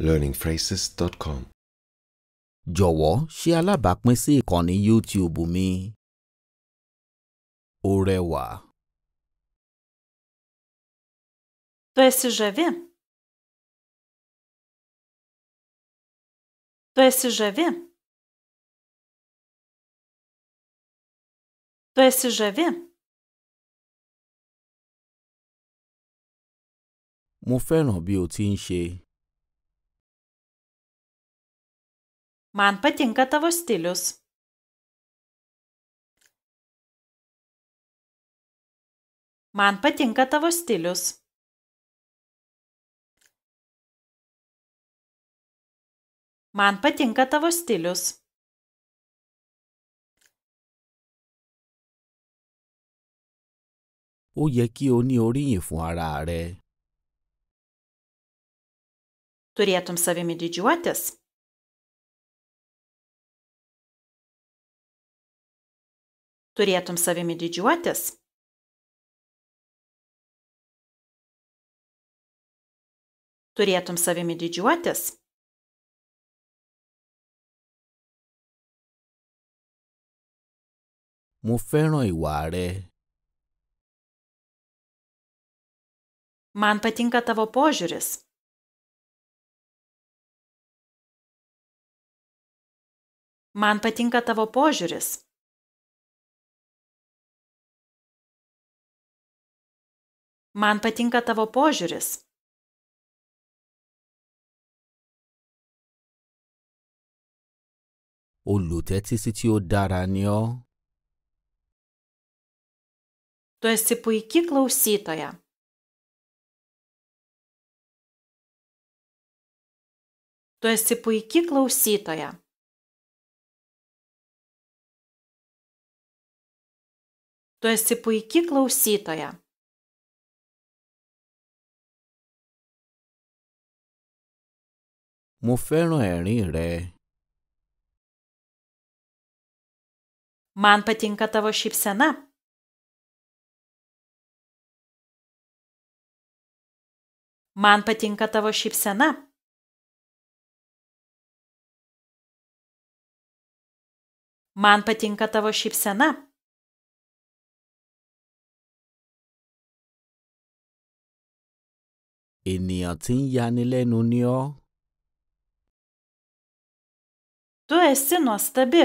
learningphrases.com. jọ̀wọ́ ṣe alábàápín sí ìkànnì youtube mi. ó rẹwà. Tu esi žavi? Tu esi žavi? Tu esi žavi? Mo fẹ́ràn bí o ti ń ṣe. Man patinka tavo stilius. Man patinka tavo stilius. Man patinka tavo stilius. Ó yẹ kí o ní oríyìn fún ara rẹ. Turėtum savimi didžiuotis. turėtum savimi didžiuotis turėtum savimi didžiuotis Mo fẹ́ràn ìwà rẹ. Man patinka tavo požiūris. Man patinka tavo požiūris. man patinka tavo požiūris Olùtẹ́tísí tí ó dára ni ọ́. Tu esi puikiai klausytoja. Tu esi puikiai klausytoja. Tu esi puikiai klausytoja. Mo fẹ́ràn ẹ̀rín rẹ. Man patinka tavo šypsena. Man patinka tavo šypsena. Man patinka tavo šypsena. Ènìyàn tí ń yanilẹ́nu ni ọ́. Tu esi nuostabi.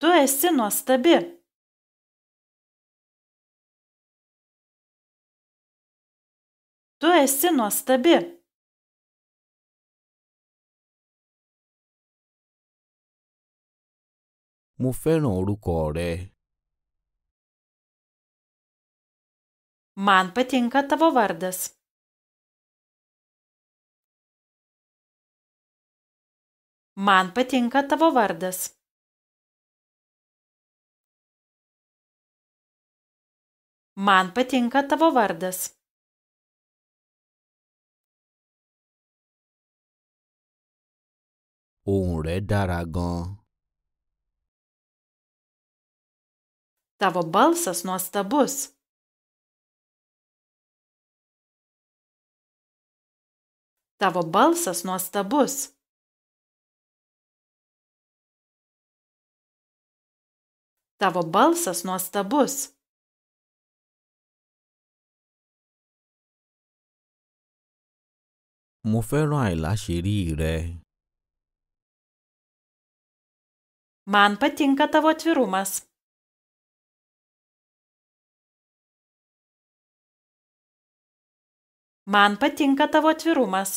Tu esi nuostabi. Tu esi nuostabi. Mo fẹ́ràn orúkọ rẹ. Man patinka tavo vardas. Man patinka tavo vardas. Man patinka tavo vardas. Ohùn rẹ dára gan. Tavo balsas nuostabus. Tavo balsas nuostabus. Tavo balsas nuostabus. Mo fẹ́ràn àìláṣẹ́rí rẹ. Man patinka tavo atvirumas. Man patinka tavo atvirumas.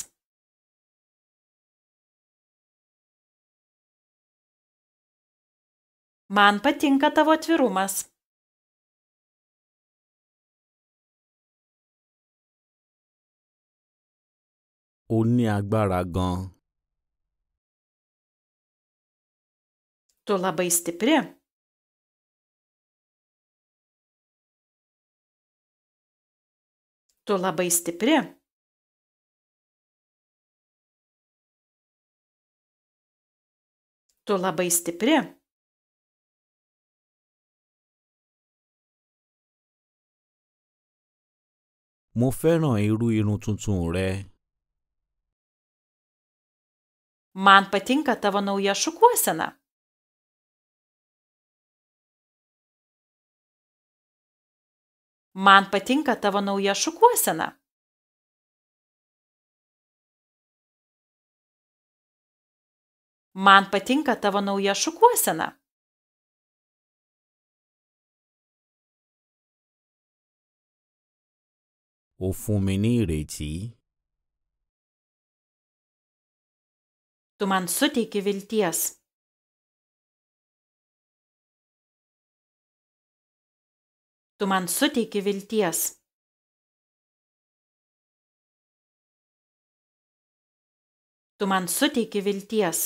man patinka tavo atvirumas O ní agbára gan. Tu labai stipri. Tu labai stipri. Tu labai stipri. Mo fẹ́ràn irú irun tuntun rẹ. Man patinka tavo nauja šukuosena. Man patinka tavo nauja šukuosena. Man patinka tavo nauja šukuosena. o fún mi ní ìrètí. Tu man suteiki vilties. Tu man suteiki vilties. Tu man suteiki vilties.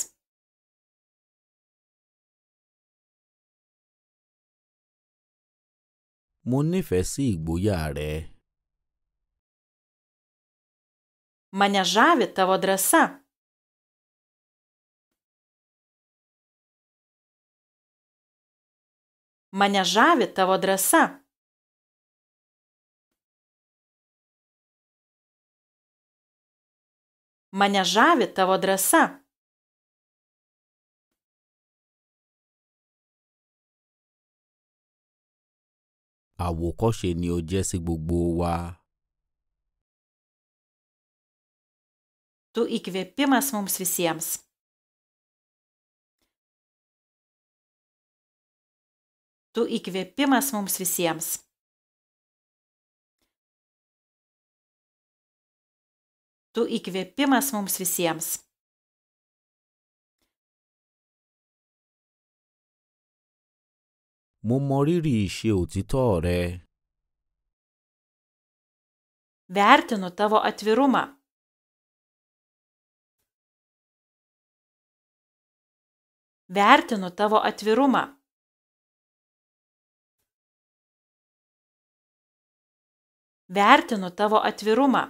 Mo nífẹ̀ẹ́ sí ìgboyà mane žavi tavo drąsa mane žavi tavo drąsa mane žavi tavo drąsa àwòkọ́ṣe ni o jẹ́ sí gbogbo wa. tu įkvėpimas mums visiems. Tu įkvėpimas mums visiems. Tu įkvėpimas mums visiems. Mo mọ rírì ìṣe òtítọ́ rẹ. Vertinu tavo atvirumą. vertinu tavo atvirumą. Vertinu tavo atvirumą.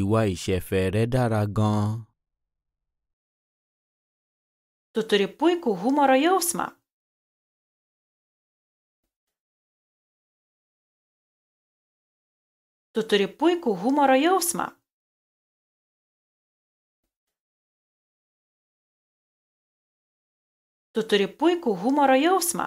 Ìwà ìṣẹ̀fẹ̀ rẹ dára gan-an. Tu turi puikų humoro jausmą. Tu turi puikų humoro jausmą. Tu turi puikų humoro jausmą.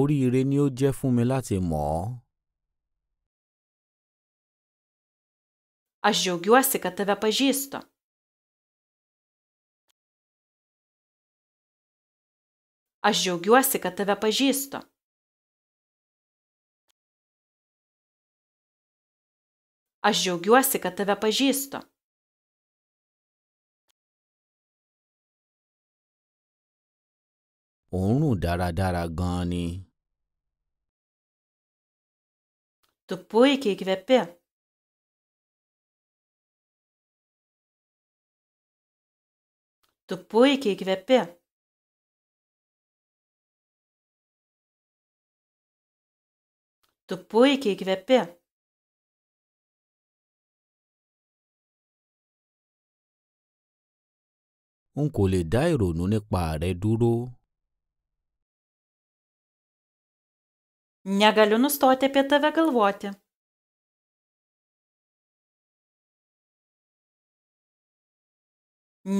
Oríire ni ó jẹ́ fún mi láti mọ̀ ọ́. Aš džiaugiuosi, kad tave pažįstu. Aš džiaugiuosi, kad tave pažįstu. Aš džiaugiuosi, kad tave pažįstu. Òórùn dáradára gan ni. Tu puikiai kvepi. Tu puikiai kvepi. Tu puikiai kvepi. n kò lè dá ìrònú nípa rẹ dúró. Negaliu nustoti apie tave galvoti.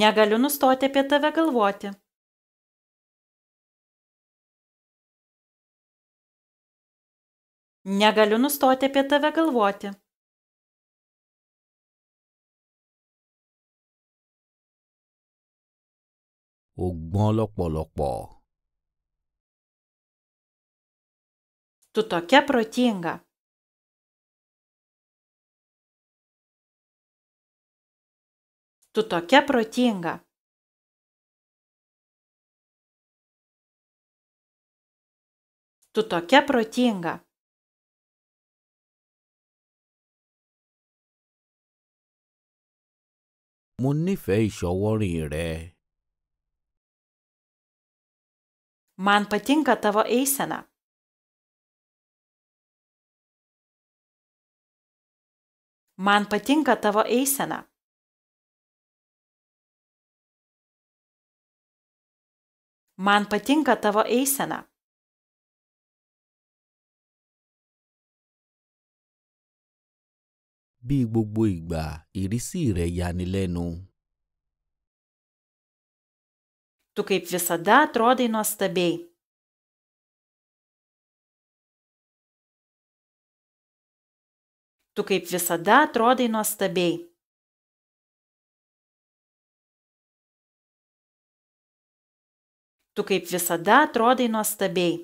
Negaliu nustoti apie tave galvoti. Negaliu nustoti apie tave galvoti. ó gbọ́n lọ́pọ̀lọpọ̀. Tu tokia protinga. Tu tokia protinga. Tu tokia protinga. Mo nífẹ̀ẹ́ ìṣọwọ́rìn rẹ. Man patinka tavo eisena. Man patinka tavo eisena. Man patinka tavo eisena. Bí gbogbo ìgbà ìrísí rẹ̀ yanilẹ́nu tu kaip visada atrodai nuostabiai Tu kaip visada atrodai nuostabiai. Tu kaip visada atrodai nuostabiai.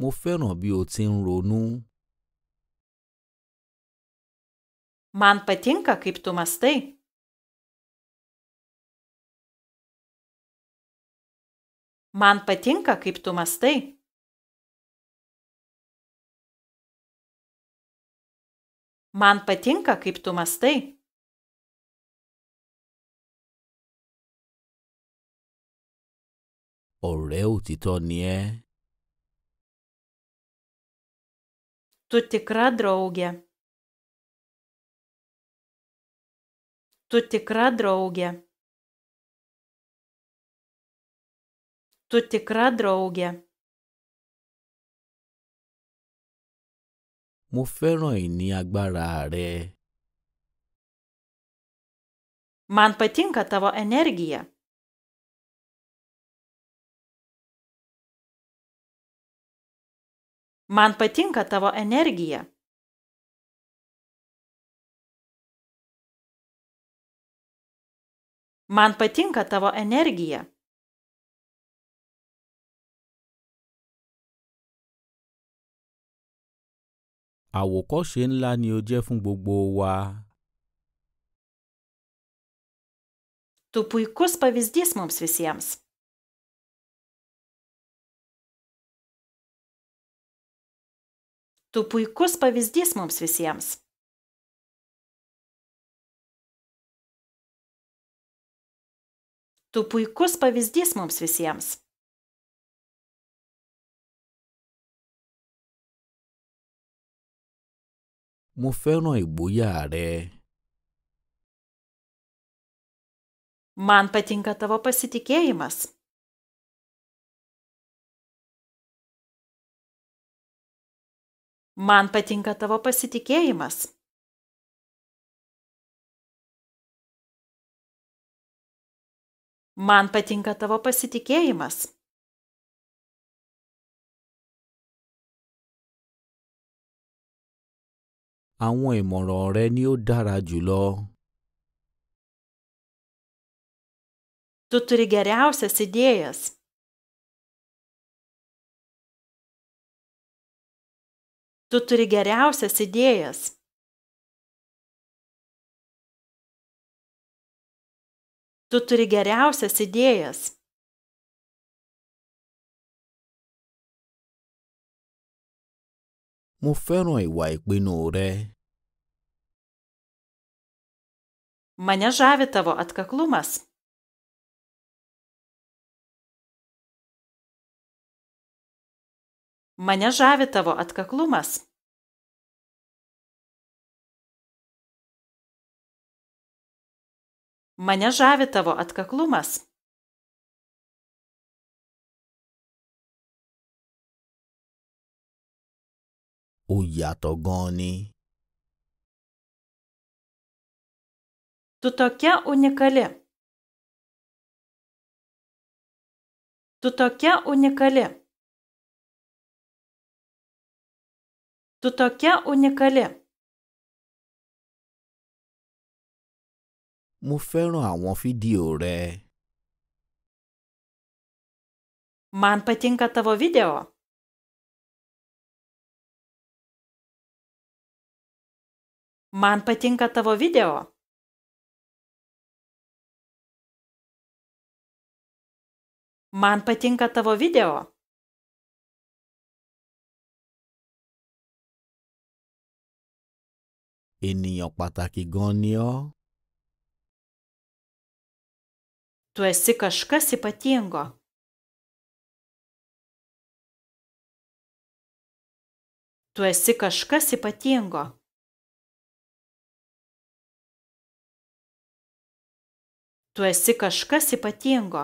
Mo fẹ́ràn bí o ti ń ronú. man patinka kaip tu mąstai man patinka kaip tu mąstai man patinka kaip tu mąstai ọ̀rẹ́ òtítọ́ ni ẹ́. Tu tikra draugė. Tu tikra draugė. Tu tikra draugė. Mo fẹ́ràn ìní agbára rẹ. Man patinka tavo energija. Man patinka tavo energija. Man patinka tavo energija. Àwòkọ́ṣe ńlá ni o jẹ́ fún gbogbo wa. Tu puikus pavyzdys mums visiems. Tu puikus pavyzdys mums visiems. Tu puikus pavyzdys mums visiems. Mo fẹ́ràn ìgboyà rẹ. Man patinka tavo pasitikėjimas. Man patinka tavo pasitikėjimas. Man patinka tavo pasitikėjimas. Àwọn ìmọ̀ràn rẹ ni ó dára jùlọ. Tu turi geriausias idėjas. Tu turi geriausias idėjas. Tu turi geriausias idėjas. Mo fẹ́ràn ìwà ìpinnu rẹ. Mane žavi tavo atkaklumas. Mane žavi tavo atkaklumas. Mane žavi tavo atkaklumas. Ujatogoni. Tu tokia unikali. Tu tokia unikali. Tu tokia unikali. Mo fẹ́ràn àwọn fídíò rẹ. Man patinka tavo video. Man patinka tavo video. Man patinka tavo video. Ènìyàn pàtàkì gan ni ọ́. tu esi kažkas ypatingo tu esi kažkas ypatingo tu esi kažkas ypatingo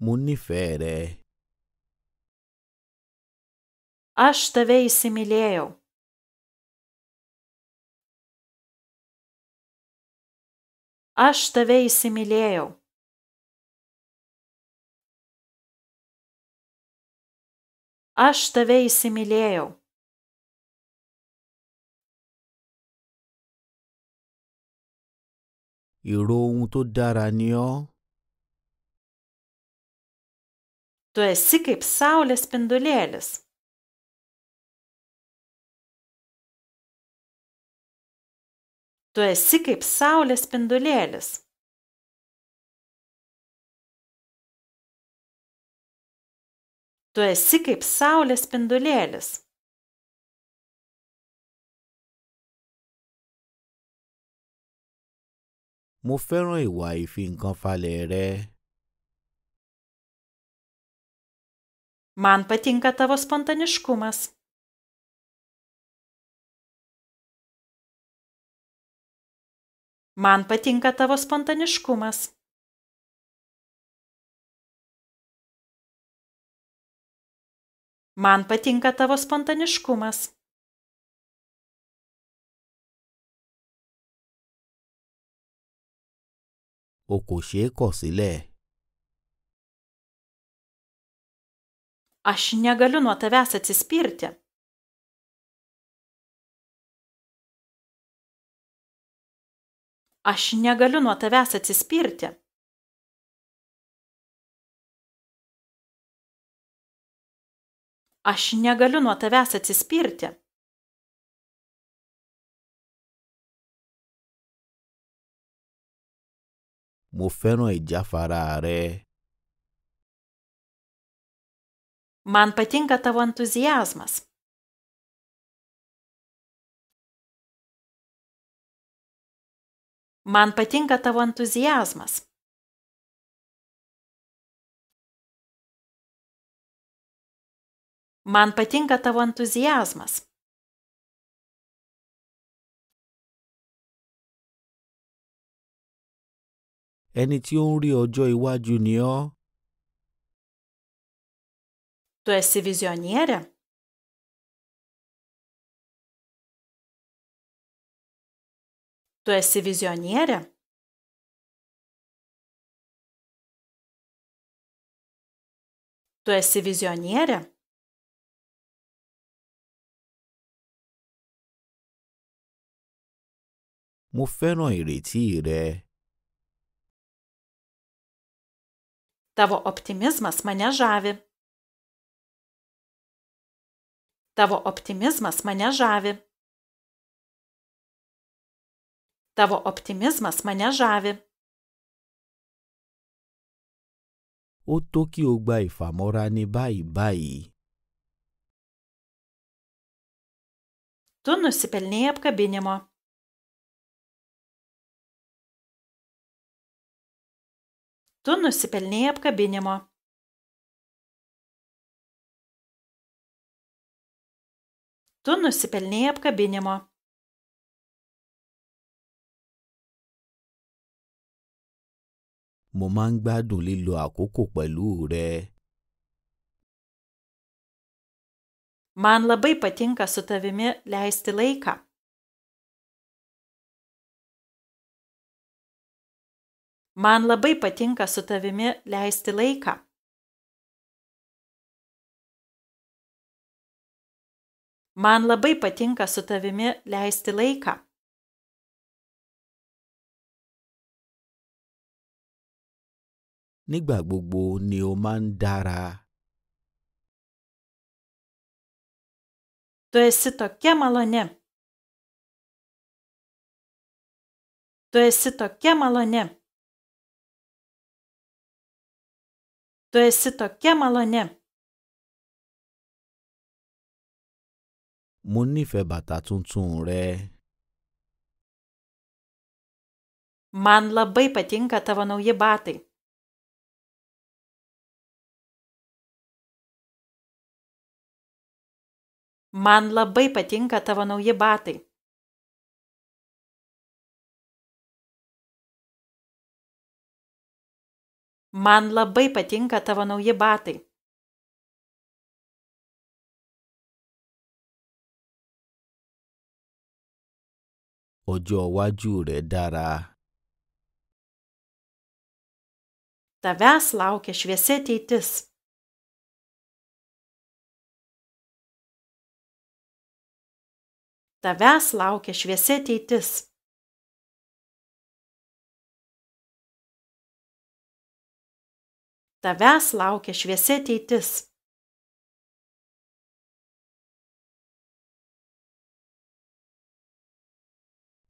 Munifere. Aš tave įsimylėjau. aš tave įsimylėjau. Aš tave įsimylėjau. Ìró ohun tó dára ni ọ́. Tu esi kaip saulės spindulėlis. Tu esi kaip saulės spindulėlis. Tu esi kaip saulės spindulėlis. Mo fẹ́ràn ìwà ìfi-nǹkan-falẹ̀ rẹ. Man patinka tavo spontaniškumas. man patinka tavo spontaniškumas man patinka tavo spontaniškumas o kò ṣeé kọ̀ sílẹ̀. Aš negaliu nuo tavęs atsispirti. Aš negaliu nuo tavęs atsispirti. Aš negaliu nuo tavęs atsispirti. Mo fẹ́ràn ìjáfara rẹ. Man patinka tavo entuzijazmas. Man patinka tavo entuzijazmas. Man patinka tavo entuzijazmas. Ẹni tí ó ń rí ọjọ́ iwájú ni ọ́. Tu esi vizionierė? Tu esi vizionierė? Tu esi vizionierė? Mo fẹ́ràn ìrètí rẹ. Tavo optimizmas mane žavi. Tavo optimizmas mane žavi. Tavo optimizmas mane žavi. Ó tó kí o gba ìfàmọ́ra ní báyìí báyìí. Tu nusipelnėjai apkabinimo. Tu nusipelnėjai apkabinimo. Tu nusipelnėjai apkabinimo. mo máa ń gbádùn lílo àkókò pẹ̀lú rẹ. Man labai patinka su tavimi leisti laiką. Man labai patinka su tavimi leisti laiką. Man labai patinka su tavimi leisti laiką. nígbà gbogbo ni o máa ń dára. Tu esi tokia maloni. Tu esi tokia maloni. Tu esi tokia maloni. Mo nífẹ̀ẹ́ bàtà tuntun rẹ. Man labai patinka tavo nauji batai. man labai patinka tavo nauji batai man labai patinka tavo nauji batai ọjọ́ iwájú rẹ̀ dára. Tavęs laukia šviesi ateitis. Tavęs laukia šviesi ateitis. Tavęs laukia šviesi ateitis.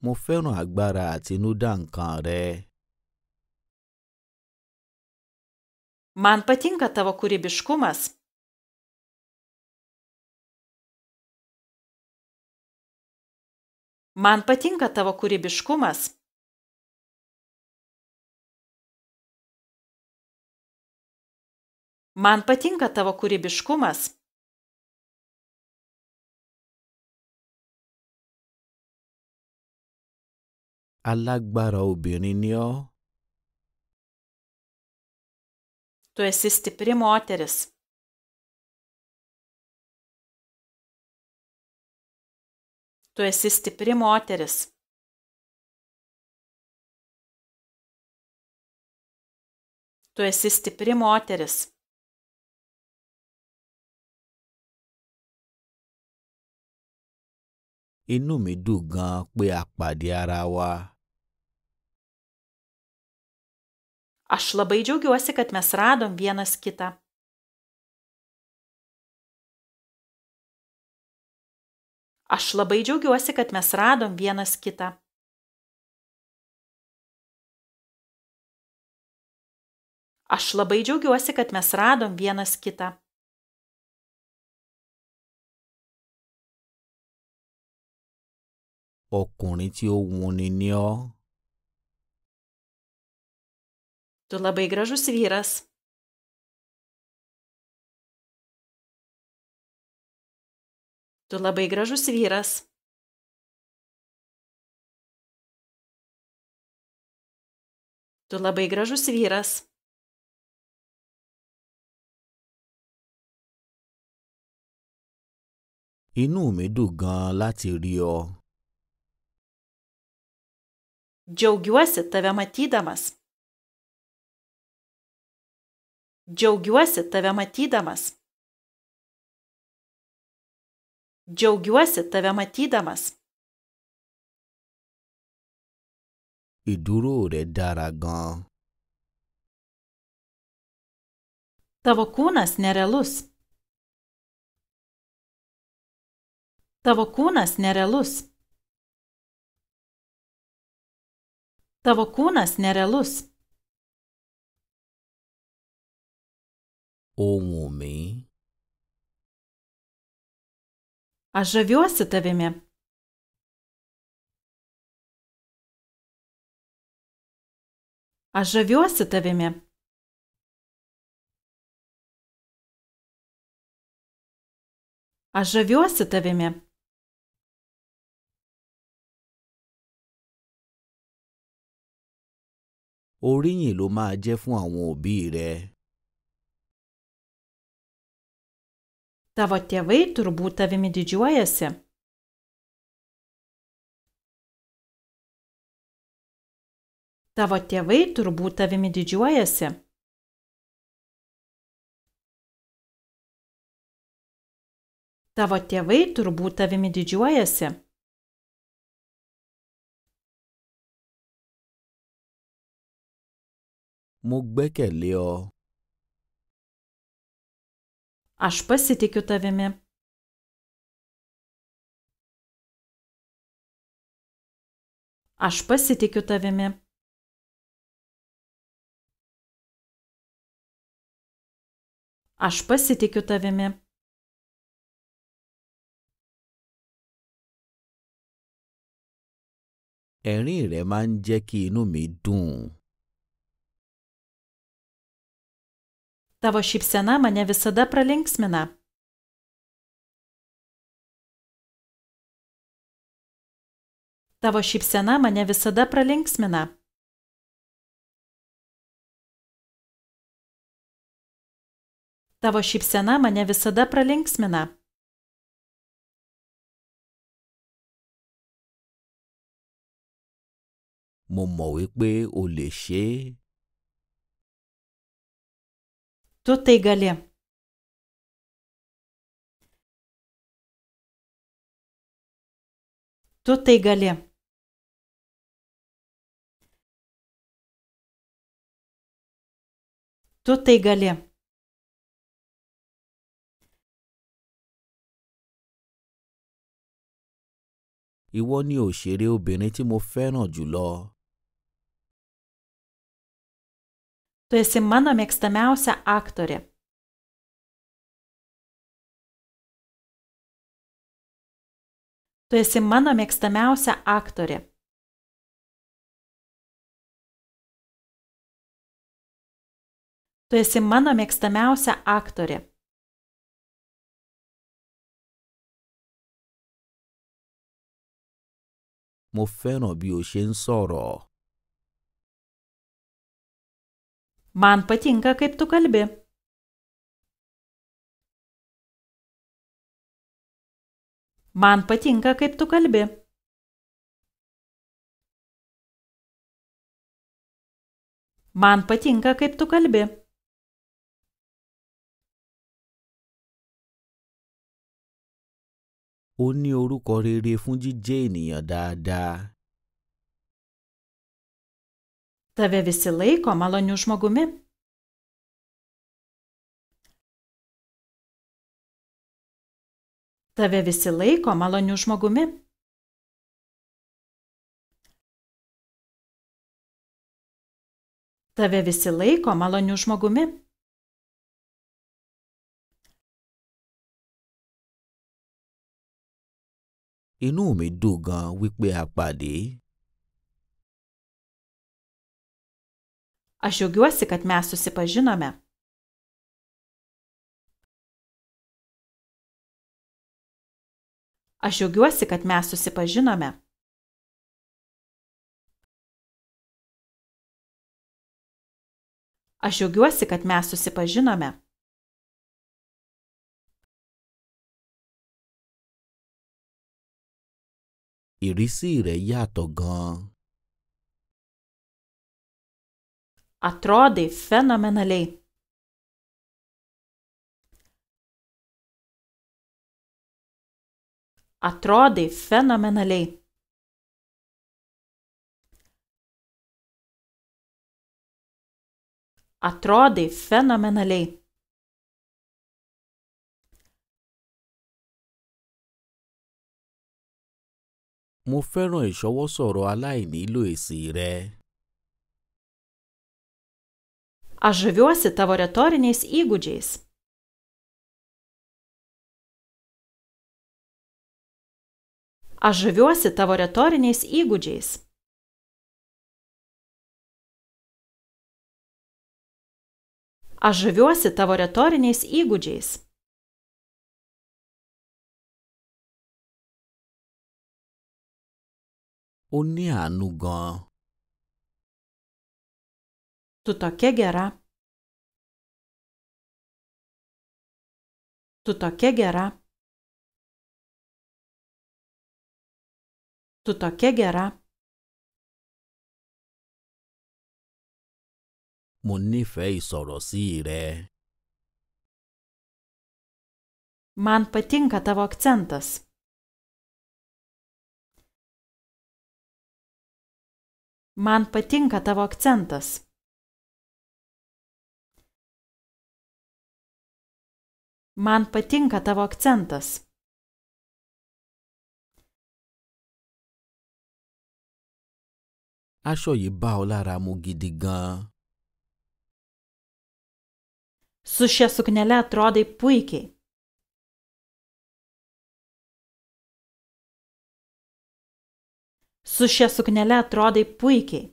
Mo fẹ́ràn agbára àtinúdá nǹkan rẹ. Man patinka tavo kūrybiškumas. Man patinka tavo kūrybiškumas. Man patinka tavo kūrybiškumas. Alágbára obìnrin ni ọ́. Tu esi stipri moteris. Tu esi stipri moteris. Tu esi stipri moteris. Inú mi dùn gan pé a pàdé ara wa. Aš labai džiaugiuosi, kad mes radom vienas kitą. Aš labai džiaugiuosi, kad mes radom vienas kitą. Aš labai džiaugiuosi, kad mes radom vienas kitą. Ọkùnrin tí ó wuni ni ọ́. Tu labai gražus vyras. tu labai gražus vyras tu labai gražus vyras inú mi dùn gan-an láti rí ọ. Džiaugiuosi tave matydamas. Džiaugiuosi tave matydamas. Džiaugiuosi tave matydamas. Ìdúró rẹ dára gan. Tavo kūnas nerealus. Tavo kūnas nerealus. Tavo kūnas nerealus. Ohùn mi. aš žaviuosi tavimi. Aš žaviuosi tavimi. Aš žaviuosi tavimi. Oríyìn ló máa jẹ́ fún àwọn òbí rẹ. Tavo tėvai turbūt tavimi didžiuojasi. Tavo tėvai turbūt tavimi didžiuojasi. Tavo tėvai turbūt tavimi didžiuojasi. Mo gbẹ́kẹ̀lé ọ. Aš pasitikiu tavimi. Aš pasitikiu tavimi. Aš pasitikiu tavimi. Ẹ̀rín rẹ̀ máa ń jẹ́ kí inú mi dùn. Tavo šypsena mane visada pralinksmina. Tavo šypsena mane visada pralinksmina. Tavo šypsena mane visada pralinksmina. Mo mọ̀ wípé o lè ṣe é. Tu tai gali. Tu tai gali. Tu tai gali. Ìwọ ni òṣèré obìnrin tí mo fẹ́ràn jùlọ. Tu esi mano mėgstamiausia aktorė. Tu esi mano mėgstamiausia aktorė. Tu esi mano mėgstamiausia aktorė. Mo fẹ́ràn bí o ṣe ń sọ̀rọ̀. Man patinka, kaip tu kalbi. Man patinka, kaip tu kalbi. Man patinka, kaip tu kalbi. Ó ní orúkọ rere fún jíjẹ́ ènìyàn dáadáa. Tave visi laiko maloniu žmogumi. Tave visi laiko maloniu žmogumi. Tave visi laiko maloniu žmogumi. Inú mi dùn gan wípé a pàdé. Aš džiaugiuosi, kad mes susipažinome. Aš džiaugiuosi, kad mes susipažinome. Aš džiaugiuosi, kad mes susipažinome. Ìrísí rẹ̀ yàtọ̀ gan-an. atrodai fenomenaliai atrodai fenomenaliai atrodai fenomenaliai mo fẹ́ràn ìṣọwọ́sọ̀rọ̀ aláìnílò èsì rẹ. Aš žaviuosi tavo retoriniais įgūdžiais. Aš žaviuosi tavo retoriniais įgūdžiais. Aš žaviuosi tavo retoriniais įgūdžiais. ó ní àánú gan-an. Tu tokia gera. Tu tokia gera. Tu tokia gera. Mo nífẹ̀ẹ́ ìsọ̀rọ̀ sí rẹ. Man patinka tavo akcentas. Man patinka tavo akcentas. Man patinka tavo akcentas. Aṣọ yìí bá ọ lára mu gidi gan-an. Su šia suknele atrodai puikiai. Su šia suknele atrodai puikiai.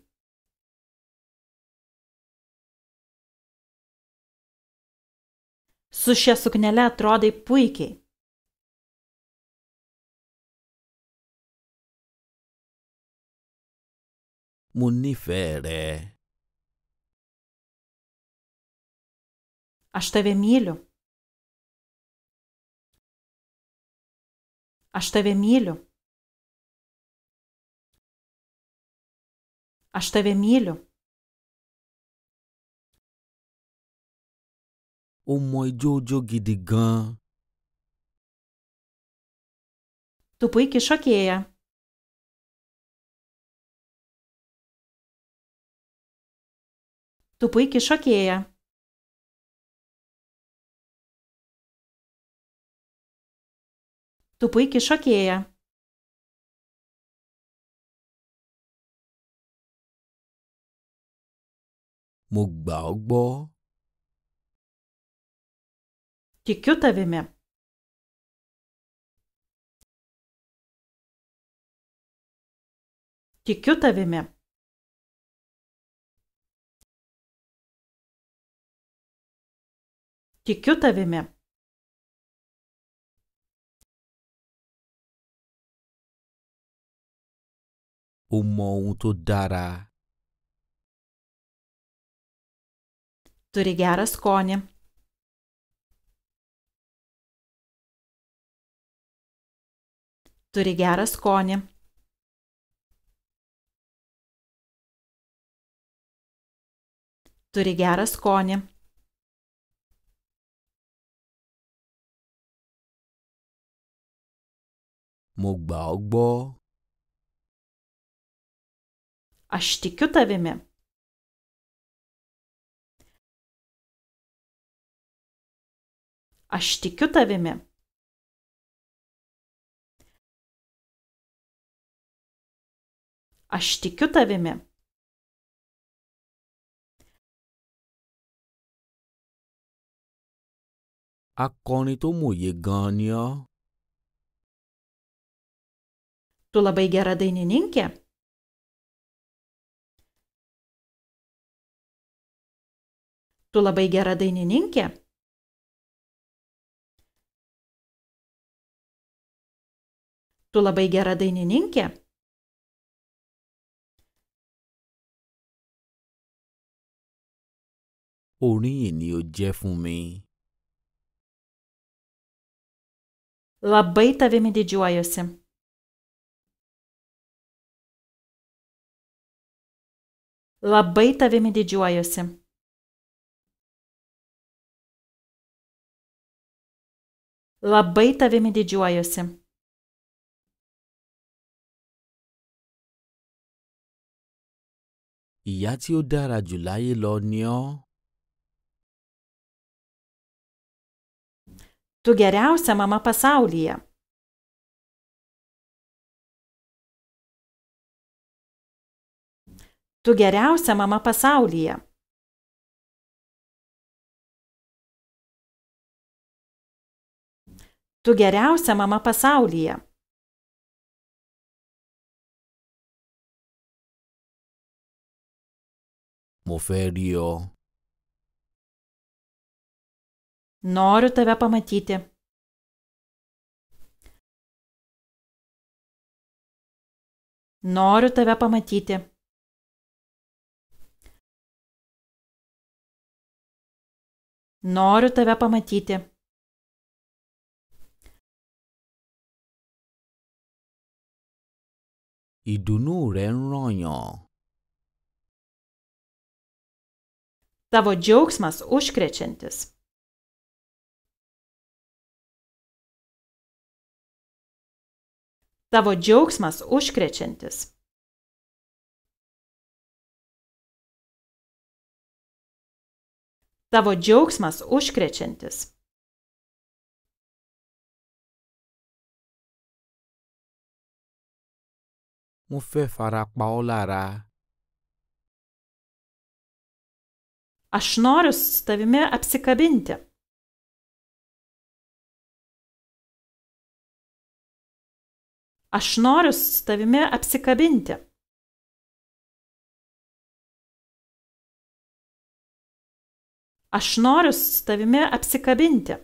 Su šia suknele atrodai puikiai. Mo nífẹ̀ẹ́ rẹ. Aš tave myliu. Aš tave myliu. Aš tave myliu. ó mọ ijó jó gidi gan-an. Tu puikiai šokėja. Tu puikiai šokėja. Tu puikiai šokėja. Mo gbà ọ́ gbọ́. Tikiu tavimi. Tikiu tavimi. Tikiu tavimi. Ó mọ ohun tó dára. Turi gerą skonį. turi gerą skonį. Turi gerą skonį. Mo gbà ọ́ gbọ́. Aš tikiu tavimi. Aš tikiu tavimi. aš tikiu tavimi. Akọrin tó mòye gan ni ọ́. Tu labai gera dainininkė. Tu labai gera dainininkė. Tu labai gera dainininkė. oríyìn ni o jẹ́ fún mi. Labai tavimi didžiuojuosi. Labai tavimi didžiuojuosi. Labai tavimi didžiuojuosi. Ìyá tí ó dára jù láyé lọ ni ọ́. Tu geriausia mama pasaulyje. Tu geriausia mama pasaulyje. Tu geriausia mama pasaulyje. Mo fẹ́ rí ọ. Noriu tave pamatyti. Noriu tave pamatyti. Noriu tave pamatyti. Ìdùnnú rẹ̀ ń rànyàn. Tavo džiaugsmas užkrečiantis. Tavo džiaugsmas užkrečiantis. Tavo džiaugsmas užkrečiantis. Mo fẹ́ fara pa ọ́ lára. Aš noriu su tavimi apsikabinti. Aš noriu su tavimi apsikabinti. Aš noriu su tavimi apsikabinti.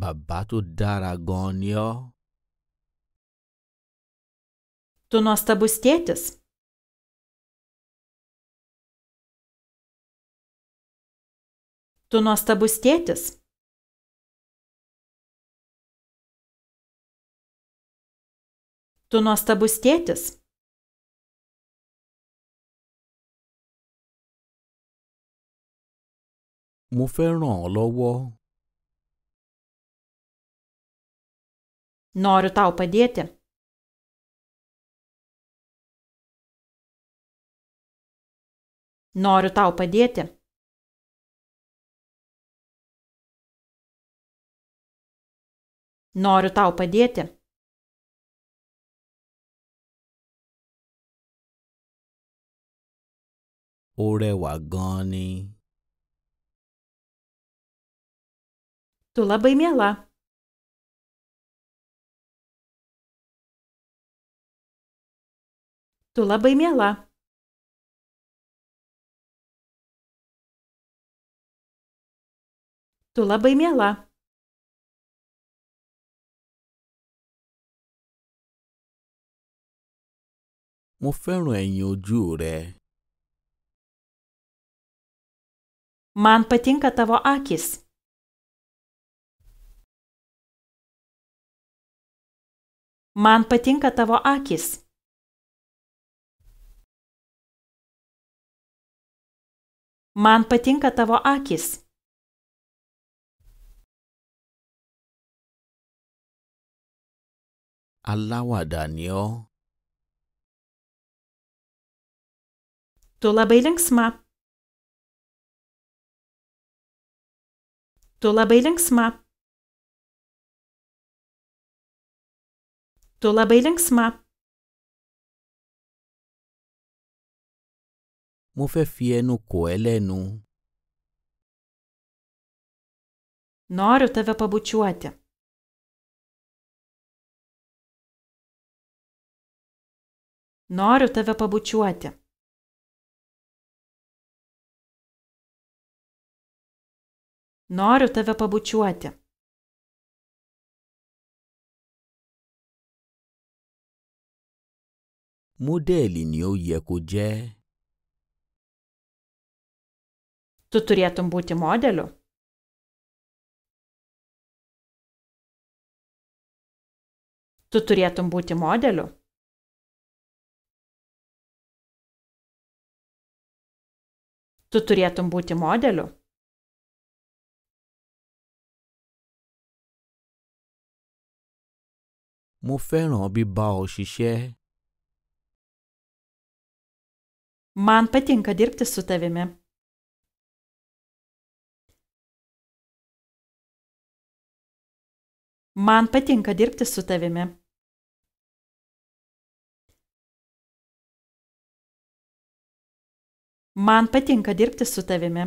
Baba tu daragonio. Tu nuostabus tėtis. Tu nuostabus tėtis. Tu nuostabus tėtis. Mo fẹ́ ràn ọ́ lọ́wọ́. Noriu tau padėti. Noriu tau padėti. Noriu tau padėti. Ó rẹwà gan ni. Tu labai miela. Tu labai miela. Tu labai miela. Mo fẹ́ràn ẹ̀yìn ojú rẹ. Man patinka tavo akis. Man patinka tavo akis. Man patinka tavo akis. Aláwàdà ni Tu labai linksma. Tu labai linksma. Tu labai linksma. Mo fẹ́ fi ẹnu kò ẹ́ lẹ́nu. Noriu tave pabučiuoti. Noriu tave pabučiuoti. Noriu tave pabučiuoti. Modeli ni ó yẹ kó jẹ́. Tu turėtum būti modeliu. Tu turėtum būti modeliu. Tu turėtum būti modeliu. Mo fẹ́ràn bíbá ọ ṣiṣẹ́. Man patinka dirbti su tavimi. Man patinka dirbti su tavimi. Man patinka dirbti su tavimi.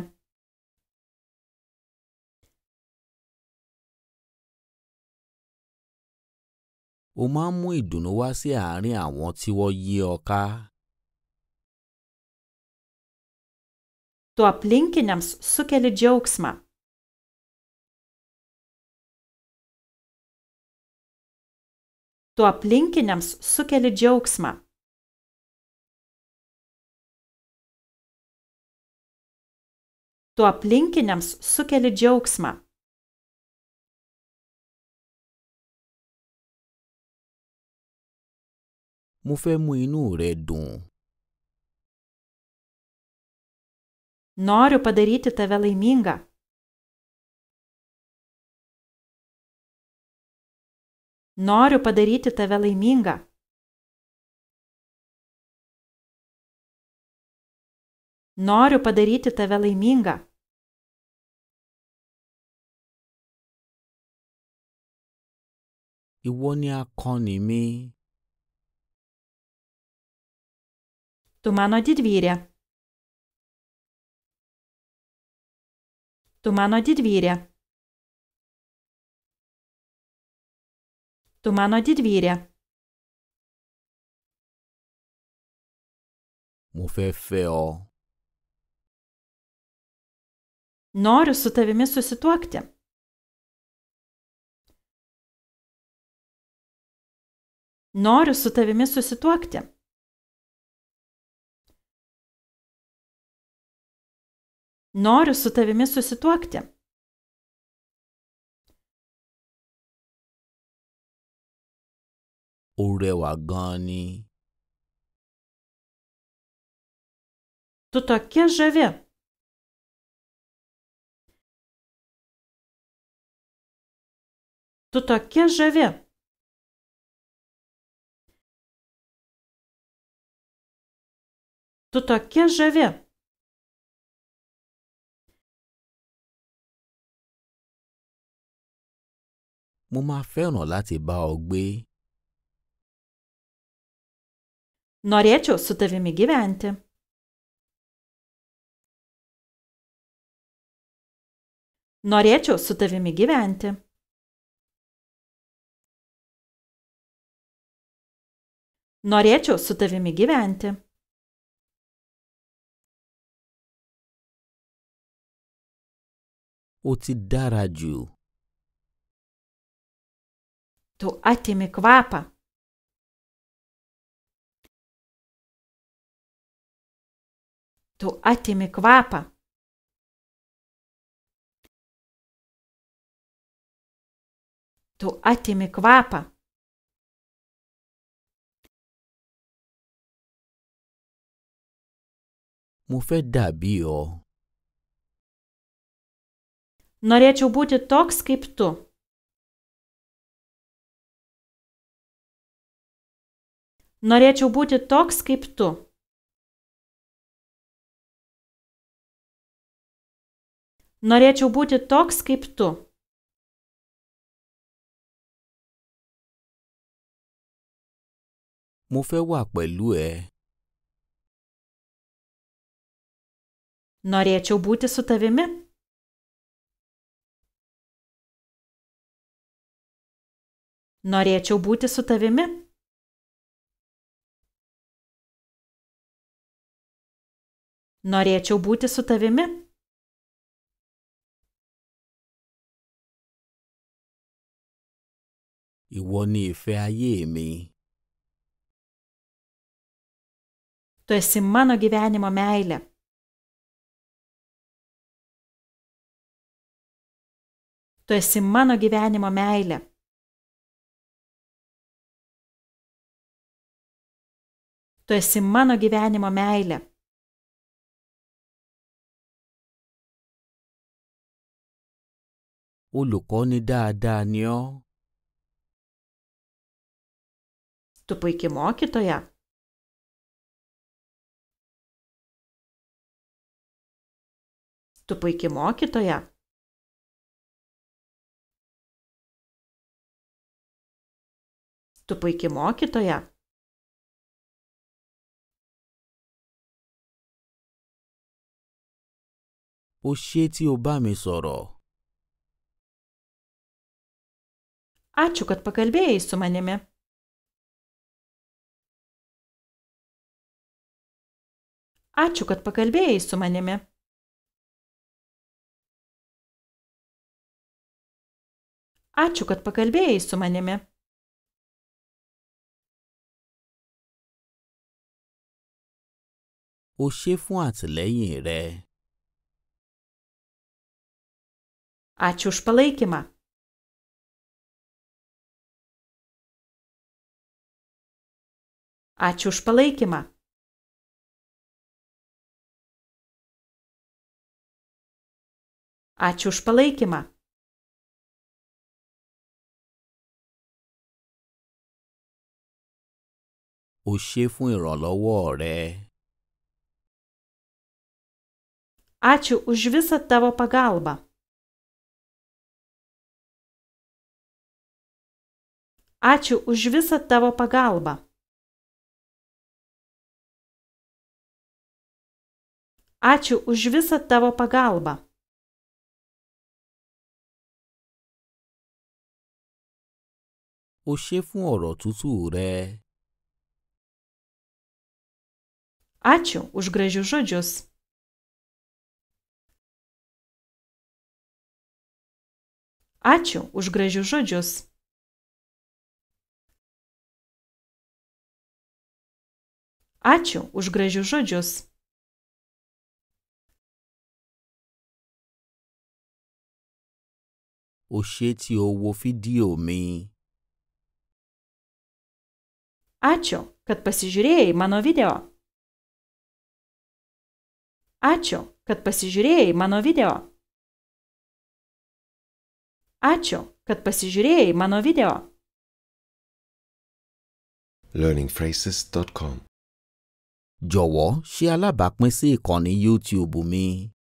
ó máa ń mú ìdùnnú wá sí àárín àwọn tí wọ́n yí ọ ká. Tu aplinkiniams sukeli džiaugsmą. Tu aplinkiniams sukeli džiaugsmą. Tu aplinkiniams sukeli džiaugsmą. mo fẹ́ mú inú rẹ dùn. Noriu padaryti tave laimingą. Noriu padaryti tave laimingą. Noriu padaryti tave laimingą. Ìwọ ni Tu mano didvyrė. Tu mano didvyrė. Tu mano didvyrė. Mu fefeo. Noriu su tavimi susituokti. Noriu su tavimi susituokti. Noriu su tavimi susituokti. Ó rẹwà gan ni. Tu tokia žavi. Tu tokia žavi. Tu tokia žavi. mo máa fẹ́ràn láti bá ọ gbé. Norėčiau su tavimi gyventi. Norėčiau su tavimi gyventi. Norėčiau su tavimi gyventi. O ti dára jù tu atimi kvapą. Tu atimi kvapą. Tu atimi kvapą. Mo fẹ́ dàbí ọ. Norėčiau būti toks kaip tu. Norėčiau būti toks kaip tu. Norėčiau būti toks kaip tu. Mo fẹ́ wà pẹ̀lú ẹ. Norėčiau būti su tavimi. Norėčiau būti su tavimi. Norėčiau būti su tavimi. Ìwọ ni ìfẹ́ ayé mi. Tu esi mano gyvenimo meilė. Tu esi mano gyvenimo meilė. Tu esi mano gyvenimo meilė. olùkọ́ni dáadáa ni ọ́. Tu puikiai mokytoja. Tu puikiai mokytoja. Tu puikiai mokytoja. Ó ṣé tí o bá mi sọ̀rọ̀. Ačiū, kad pakalbėjai su manimi. Ačiū, kad pakalbėjai su manimi. Ačiū, kad pakalbėjai su manimi. O ṣé fún àtìlẹ́yìn rẹ. Ačiū už palaikymą. Ačiū už palaikymą. Ačiū už palaikymą. O ṣé fún ìrànlọ́wọ́ rẹ. Ačiū už visą tavo pagalbą. Ačiū už visą tavo pagalbą. Ačiū už visą tavo pagalbą. O ṣé fún ọ̀rọ̀ tútù rẹ. Ačiū už gražius žodžius. Ačiū už gražius žodžius. Ačiū už gražius žodžius. o ṣé tí o wo fídíò mi. Ačiū, kad pasižiūrėjai mano video. Ačiū, kad pasižiūrėjai mano video. Ačiū, kad pasižiūrėjai mano video. learningphrases.com Jọ̀wọ́ ṣe alábàápín sí ìkànnì YouTube mi.